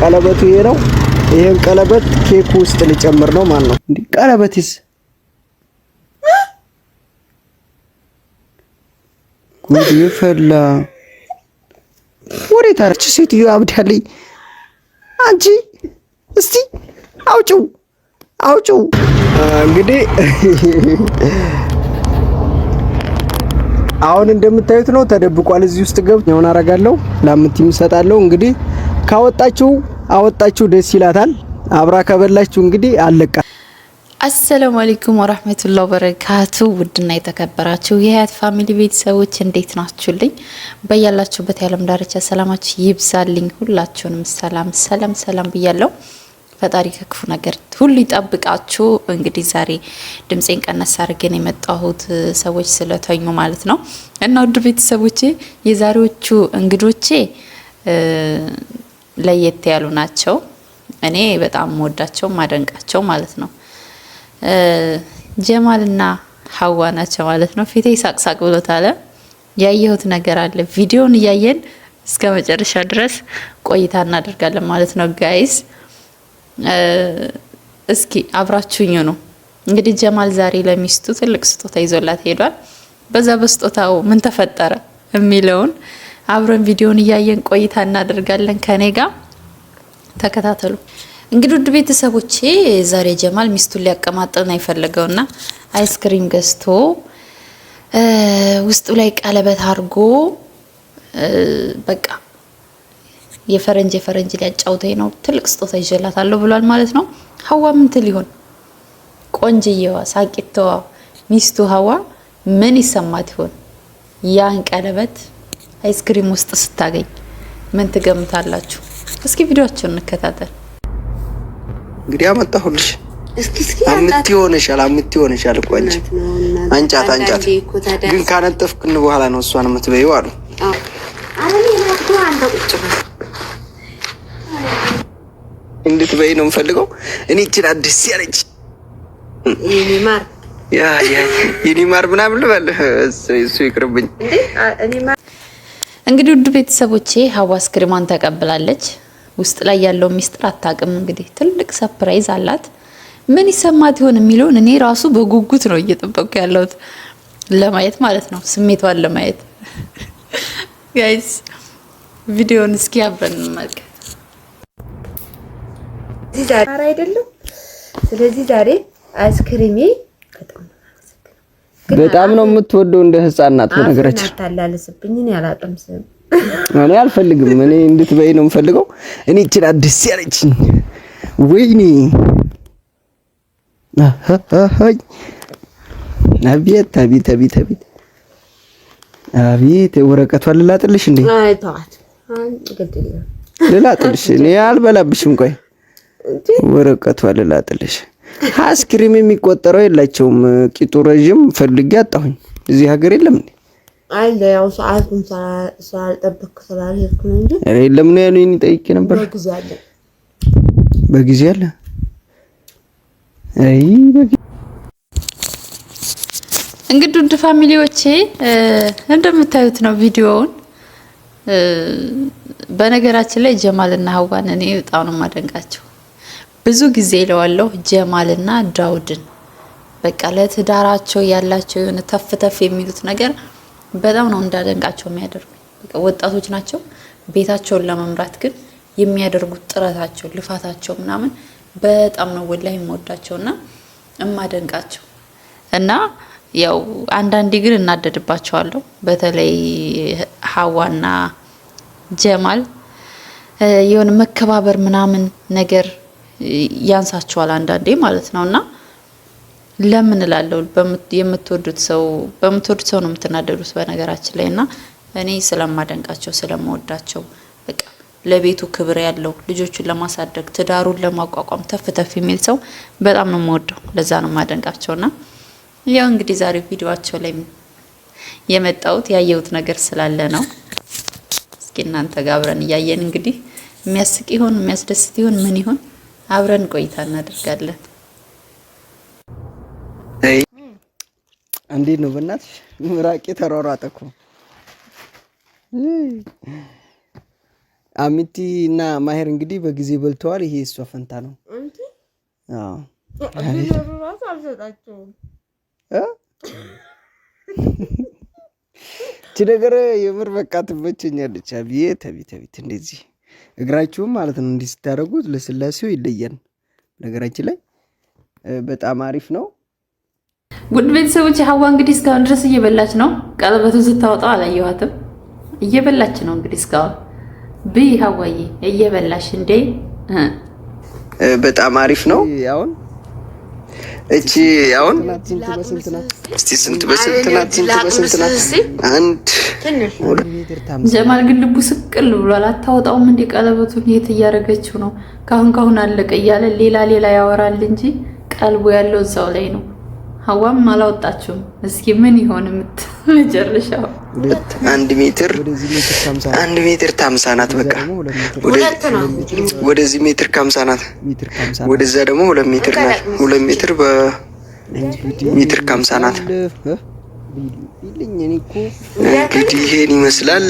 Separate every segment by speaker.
Speaker 1: ቀለበቱ ይሄ ነው። ይሄን ቀለበት ኬክ ውስጥ ልጨምር ነው ማለት ነው። እንዴ ቀለበትስ ጉድ ይፈላ። ወዴት አረች ሴትዮ? አብዳለኝ። አንቺ እስቲ አውጪው አውጪው። እንግዲህ አሁን እንደምታዩት ነው ተደብቋል። እዚህ ውስጥ ገብ ነውን አረጋለሁ ላምንት ይምሰጣለሁ እንግዲህ ካወጣችሁ አወጣችሁ ደስ ይላታል። አብራ ከበላችሁ እንግዲህ አለቃ።
Speaker 2: አሰላሙ አለይኩም ወራህመቱላሂ ወበረካቱ። ውድና የተከበራችሁ የሀያት ፋሚሊ ቤተሰቦች እንዴት ናችሁልኝ? በያላችሁበት የዓለም ዳርቻ ሰላማችሁ ይብዛልኝ። ሁላችሁንም ሰላም ሰላም ሰላም ብያለሁ። ፈጣሪ ከክፉ ነገር ሁሉ ይጠብቃችሁ። እንግዲህ ዛሬ ድምፄን ቀነስ አድርገን የመጣሁት ሰዎች ስለተኙ ማለት ነው እና ውድ ቤተሰቦቼ የዛሬዎቹ እንግዶቼ ለየት ያሉ ናቸው። እኔ በጣም ወዳቸው ማደንቃቸው ማለት ነው። ጀማልና ሀዋ ናቸው ማለት ነው። ፊቴ ሳቅሳቅ ብሎታል። ያየሁት ነገር አለ። ቪዲዮን እያየን እስከ መጨረሻ ድረስ ቆይታ እናደርጋለን ማለት ነው ጋይስ። እስኪ አብራችሁኝ ነው እንግዲህ። ጀማል ዛሬ ለሚስቱ ትልቅ ስጦታ ይዞላት ሄዷል። በዛ በስጦታው ምን ተፈጠረ የሚለውን አብረን ቪዲዮን እያየን ቆይታ እናደርጋለን ከኔ ጋር ተከታተሉ። እንግዲህ ውድ ቤተሰቦቼ ዛሬ ጀማል ሚስቱን ሊያቀማጥን አይፈልገውና አይስክሪም ገዝቶ ውስጡ ላይ ቀለበት አድርጎ በቃ የፈረንጅ የፈረንጅ ሊያጫውተኝ ነው ትልቅ ስጦታ ይዤላታለሁ ብሏል ማለት ነው። ሀዋ ምን ትል ይሆን? ቆንጅየዋ ሳቂተዋ ሚስቱ ሀዋ ምን ይሰማት ይሆን ያን ቀለበት አይስክሪም ውስጥ ስታገኝ ምን ትገምታላችሁ? እስኪ ቪዲዮአቸውን እንከታተል።
Speaker 1: እንግዲህ አመጣሁልሽ። አምጥ ይሆንሻል፣ አምጥ ይሆንሻል እኮ አንጫት፣ አንጫት ግን ካነጠፍክን በኋላ ነው እሷን የምትበይው አሉ። እንድትበይ ነው የምፈልገው እኔ እችን አዲስ ያለች የኒማር ምናምን ልበል እሱ ይቅርብኝ።
Speaker 2: እንግዲህ ውድ ቤተሰቦቼ ሀዋ አስክሬሟን ተቀብላለች። ውስጥ ላይ ያለው ሚስጥር አታውቅም። እንግዲህ ትልቅ ሰፕራይዝ አላት። ምን ይሰማት ይሆን የሚለውን እኔ ራሱ በጉጉት ነው እየጠበቅኩ ያለሁት ለማየት ማለት ነው፣ ስሜቷን ለማየት ጋይስ። ቪዲዮን እስኪ አብረን እንመልከት። አይደለም ስለዚህ ዛሬ አይስክሪሜ
Speaker 1: በጣም ነው የምትወደው እንደ ህፃን ናት። በነገራችን
Speaker 2: ታላልስብኝ እኔ አላጠምስም።
Speaker 1: እኔ አልፈልግም። እኔ እንድትበይ ነው የምፈልገው። እኔ ይችላ ደስ ያለችኝ ወይኔ አቤት አቤት አቤት አቤት አቤት ወረቀቷን ልላጥልሽ እንዴ? አይ ተዋት፣ ልላጥልሽ። እኔ አልበላብሽም። ቆይ ወረቀቷን ልላጥልሽ አስክሪም የሚቆጠረው የላቸውም። ቂጡ ረዥም ፈልጌ አጣሁኝ። እዚህ ሀገር የለም እንዴ?
Speaker 2: አለ ያው ሰዓቱን ስላልጠበቅ ስላልሄድኩ ነው እንጂ
Speaker 1: የለም ነው ያሉኝ። ጠይቄ ነበር። በጊዜ አለ።
Speaker 2: እንግዲህ ውድ ፋሚሊዎቼ እንደምታዩት ነው ቪዲዮውን። በነገራችን ላይ ጀማልና ሀዋን እኔ በጣም ነው የማደንቃቸው ብዙ ጊዜ እለዋለሁ ጀማልና ዳውድን በቃ ለትዳራቸው ያላቸው የሆነ ተፍ ተፍ የሚሉት ነገር በጣም ነው እንዳደንቃቸው የሚያደርጉ በቃ ወጣቶች ናቸው፣ ቤታቸውን ለመምራት ግን የሚያደርጉት ጥረታቸው፣ ልፋታቸው ምናምን በጣም ነው ወላሂ የምወዳቸውና እማደንቃቸው እና ያው አንዳንዴ ግን እናደድባቸዋለሁ። በተለይ ሀዋና ጀማል የሆነ መከባበር ምናምን ነገር ያንሳቸዋል አንዳንዴ ማለት ነው። እና ለምን ላለው የምትወዱት ሰው በምትወዱት ሰው ነው የምትናደዱት በነገራችን ላይ እና እኔ ስለማደንቃቸው ስለመወዳቸው በቃ ለቤቱ ክብር ያለው ልጆቹን ለማሳደግ ትዳሩን ለማቋቋም ተፍ ተፍ የሚል ሰው በጣም ነው የምወደው። ለዛ ነው እና ያው እንግዲህ ዛሬ ቪዲዮቸው ላይ የመጣሁት ያየሁት ነገር ስላለ ነው። እስኪ እናንተ ጋር አብረን እያየን እንግዲህ የሚያስቅ ይሆን የሚያስደስት ይሆን ምን ይሆን አብረን ቆይታ እናደርጋለን።
Speaker 1: እንዴት ነው በእናትሽ? ምራቄ ተሯሯጠ እኮ አሚቲ እና ማሄር እንግዲህ በጊዜ በልተዋል። ይሄ እሷ ፈንታ ነው። እቺ ነገር የምር በቃ ትመቸኛለች። አብዬ ተቢ ተቢት እንደዚህ እግራችሁም ማለት ነው እንዲህ ስታደርጉት ልስላሴው ይለያል። ነገራችን ላይ በጣም አሪፍ ነው።
Speaker 2: ውድ ቤተሰቦች ሀዋ እንግዲህ እስካሁን ድረስ እየበላች ነው። ቀለበቱን ስታወጣው አላየኋትም። እየበላች ነው እንግዲህ እስካሁን ብይ ሀዋዬ፣ እየበላሽ እንዴ!
Speaker 1: በጣም አሪፍ ነው አሁን እቺ አሁን እስቲ ስንት በስንት ናት? ስንት በስንት ናት? አንድ
Speaker 2: ጀማል ግን ልቡ ስቅል ብሏል። አታወጣውም እንዴ ቀለበቱን? የት እያደረገችው ነው? ካሁን ካሁን አለቀ እያለ ሌላ ሌላ ያወራል እንጂ ቀልቡ ያለው እዛው ላይ ነው። ሀዋም አላወጣችሁም። እስኪ ምን ይሆን የምትመጨረሻው?
Speaker 1: አንድ ሜትር አንድ ሜትር ከሀምሳ ናት። በቃ ወደዚህ ሜትር ከሀምሳ ናት፣ ወደዛ ደግሞ ሁለት ሜትር ናት። ሁለት ሜትር በሜትር ከሀምሳ ናት። እንግዲህ ይሄን ይመስላል።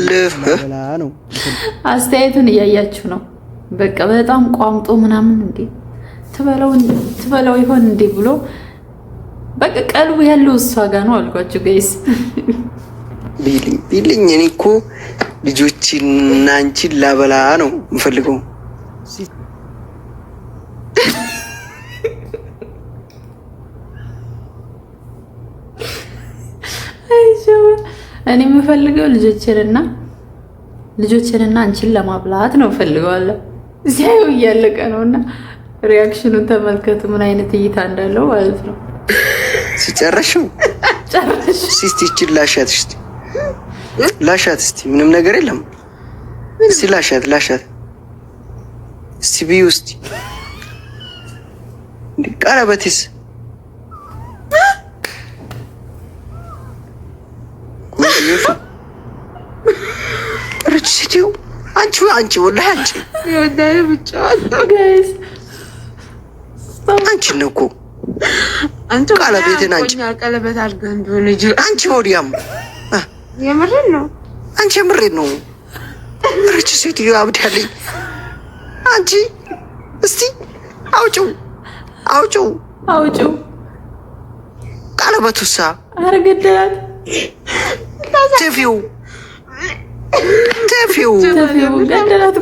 Speaker 2: አስተያየቱን እያያችሁ ነው። በቃ በጣም ቋምጦ ምናምን እንዴ ትበለው ይሆን እንዴ ብሎ በቃ ቀልቡ ያለው እሷ ጋር ነው አልኳቸው። ጋይስ
Speaker 1: ቢልኝ እኔ እኮ ልጆችና አንቺን ላበላ ነው የምፈልገው።
Speaker 2: እኔ የምፈልገው ልጆችንና ልጆችንና አንቺን ለማብላት ነው ፈልገዋለሁ። እዚያ እያለቀ ነው እና ሪያክሽኑን ተመልከቱ፣ ምን አይነት እይታ እንዳለው ማለት ነው።
Speaker 1: ሲጨረሽው ሲስቲ ይችል ላሻት እስቲ ላሻት እስቲ ምንም ነገር የለም። እስቲ ላሻት ላሻት እስቲ ቢዩ እስቲ ሲቲው አንቺ አንቺ ወላሂ
Speaker 2: አንቺ
Speaker 1: አንቺ ነው እኮ አንተ ባለቤቴን አንቺ ቀለበት አድርገህ እንደሆነ አንቺ ሆዲያም የምሬን ነው። አንቺ የምሬን ነው። ረች ሴትዮ አብዳለኝ። አንቺ እስቲ አውጭው፣ አውጭው፣ አውጭው። ቀለበቱሳ
Speaker 2: አረገደላት።
Speaker 1: ተፊው፣ ተፊው፣ ገደላት።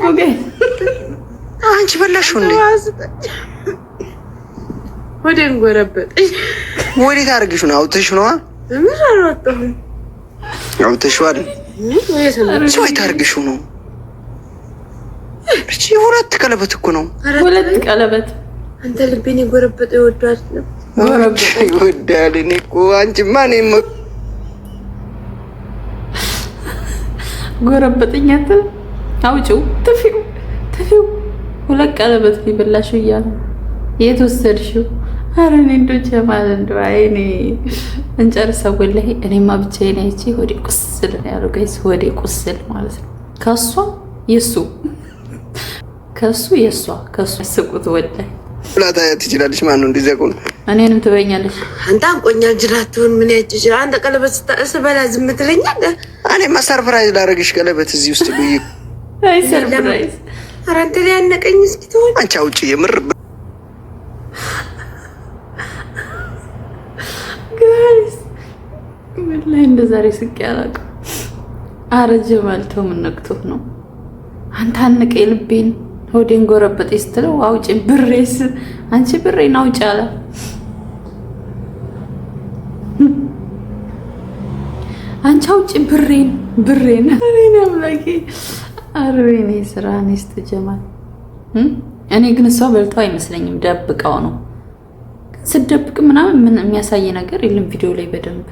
Speaker 1: አንቺ በላሽ እንዴ?
Speaker 2: ወደን ጎረበጠኝ።
Speaker 1: ወዴት አድርግሽ ነው? አውጥሽ ነዋ። ምን አልወጣሁም። አውጥሽዋል። ሰው የታርግሽ ነው? እቺ ሁለት ቀለበት እኮ ነው።
Speaker 2: ሁለት ቀለበት አንተ ልቤን የጎረበጠ ይወዳል
Speaker 1: ይወዳል። እኔ እኮ አንቺማ እኔ
Speaker 2: ጎረበጠኝ አትል። አውጪው፣ ትፊው፣ ትፊው። ሁለት ቀለበት ቢበላሽው እያለ የት ወሰድሽው? አረ እኔ እንደው ጀማል እንደው አይኔ እኔ እንጨርሰው ወላሂ። እኔማ ብቻዬን አይቼ ወዴ ቁስል ነው ያለው ጋይስ፣ ወዴ ቁስል ማለት ነው። ከእሷ የእሱ ከእሱ የእሷ ከእሱ ያስቁት ወላሂ
Speaker 1: ብላታ ትችላለች። ማን ነው እንደዚያ ቆሎ
Speaker 2: እኔንም ትበኛለች። አንተ አንቆኛል ጅራቱን ምን ያጭ ይችላል። አንተ ቀለበት ስታስ በላ ዝም ትለኛለ
Speaker 1: እኔማ ሰርፕራይዝ ላደርግሽ ቀለበት እዚህ ውስጥ ብዬ
Speaker 2: አይ ሰርፕራይዝ አረ አንተ ላይ ያነቀኝ እስኪ ትሆን
Speaker 1: አንቺ አውጪ የምር
Speaker 2: እንደ ዛሬ ስቄ አላውቅም። አረጀ ባልተው ምን ነክቶ ነው? አንተ አንቀ ልቤን ሆዴን ጎረበጤ ስትለው አውጭ ብሬስ አንቺ ብሬን አውጭ አለ። አንቺ አውጭ ብሬን ብሬን እኔ አምላኬ አርቤኔ ስራ ኔስት ጀማል እኔ ግን እሷ በልተው አይመስለኝም፣ ደብቀው ነው። ስደብቅ ምናምን ምን የሚያሳይ ነገር የለም ቪዲዮ ላይ በደንብ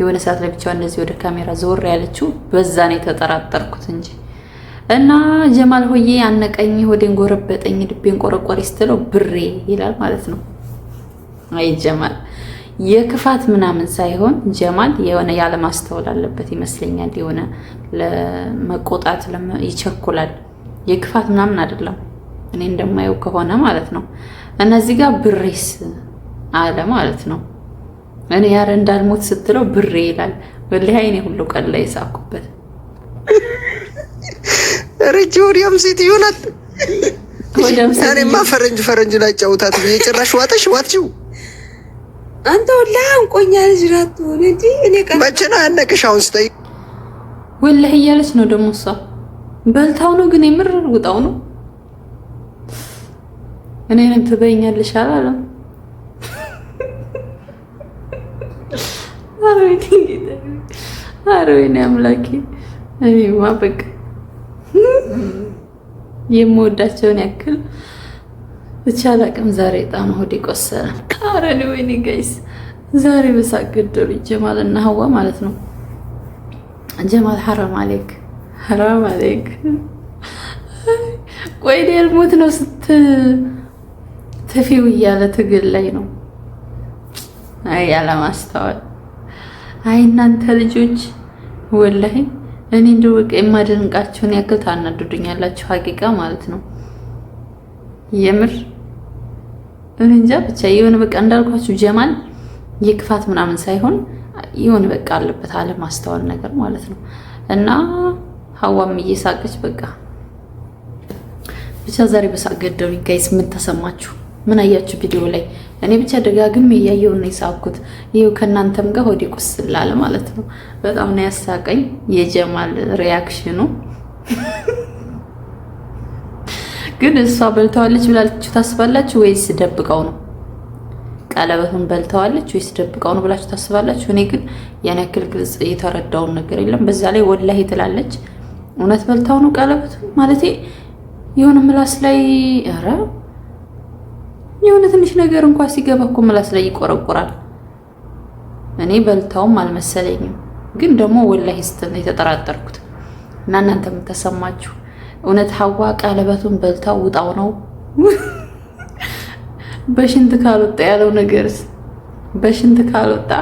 Speaker 2: የሆነ ሰዓት ላይ ብቻዋን እንደዚህ ወደ ካሜራ ዘወር ያለችው በዛ ነው የተጠራጠርኩት እንጂ እና ጀማል ሆዬ አነቀኝ፣ ሆዴን ጎረበጠኝ፣ ልቤን ቆረቆሪ ስትለው ብሬ ይላል ማለት ነው። አይ ጀማል የክፋት ምናምን ሳይሆን ጀማል የሆነ ያለማስተዋል አለበት ይመስለኛል። የሆነ ለመቆጣት ይቸኩላል። የክፋት ምናምን አይደለም፣ እኔ እንደማየው ከሆነ ማለት ነው። እነዚህ ጋር ብሬስ አለ ማለት ነው። እኔ ያረ እንዳልሞት ስትለው ብሬ ይላል። ወላሂ አይኔ ሁሉ ቀን ላይ የሳኩበት
Speaker 1: ረጅ ወዲያም ሴት ይሆናል። እኔማ ፈረንጅ ፈረንጅ ላይ ጫውታት የጭራሽ ዋጠሽ ዋትችው
Speaker 2: አንተ ወላ አንቆኛ ልጅ ራት ሆነ እንዲ እኔ
Speaker 1: ቀ መቼ ነው ያነቅሽ? አሁን ስጠይቅ
Speaker 2: ወላሂ እያለች ነው ደግሞ እሷ በልታው ነው ግን የምር ውጣው ነው እኔንም ትበይኛለሽ አላለም አረ ወይኔ አምላኬ እኔማ በቃ የምወዳቸውን ያክል ብቻ አቅም ዛሬ በጣም ሆዴ ቆሰረ። አረ ወይኔ ጋይስ ዛሬ በሳቅ ገደሉኝ። ጀማል እና ሀዋ ማለት ነው። ጀማል ሐራም አሌክ ሐራም አሌክ። ቆይ ልሞት ነው ስት ትፊው እያለ ትግል ላይ ነው። አይ አለማስተዋል አይ እናንተ ልጆች ወላይ እኔ እንደው በቃ የማደንቃቸውን ያክል ታናድዱኛላችሁ። ሀቂቃ ማለት ነው የምር እኔ እንጃ ብቻ የሆነ በቃ እንዳልኳችሁ ጀማል የክፋት ምናምን ሳይሆን የሆነ በቃ አለበት አለ ማስተዋል ነገር ማለት ነው። እና ሀዋም እየሳቀች በቃ ብቻ ዛሬ በሳቅ ገደሉ። ጋይስ ምን ተሰማችሁ? ምን አያችሁ ቪዲዮ ላይ? እኔ ብቻ ደጋግሜ እያየው ነው የሳኩት። ይኸው ከእናንተም ጋር ሆዴ ቁስላለ ማለት ነው። በጣም ነው ያሳቀኝ የጀማል ሪያክሽኑ። ግን እሷ በልተዋለች ብላችሁ ታስባላችሁ ወይስ ደብቀው ነው? ቀለበቱን በልተዋለች ወይስ ደብቀው ነው ብላችሁ ታስባላችሁ? እኔ ግን ያን ያክል ግልጽ የተረዳውን ነገር የለም። በዛ ላይ ወላሂ ትላለች። እውነት በልተው ነው ቀለበቱ ማለት የሆነ ምላስ ላይ ኧረ የሆነ ትንሽ ነገር እንኳን ሲገባ እኮ ምላስ ላይ ይቆረቁራል። እኔ በልታውም አልመሰለኝም፣ ግን ደግሞ ወላሂ ስትል የተጠራጠርኩት። እና እናንተ የምተሰማችሁ እውነት ሀዋ ቀለበቱን በልታው ውጣው ነው በሽንት ካልወጣ ያለው ነገርስ በሽንት ካልወጣ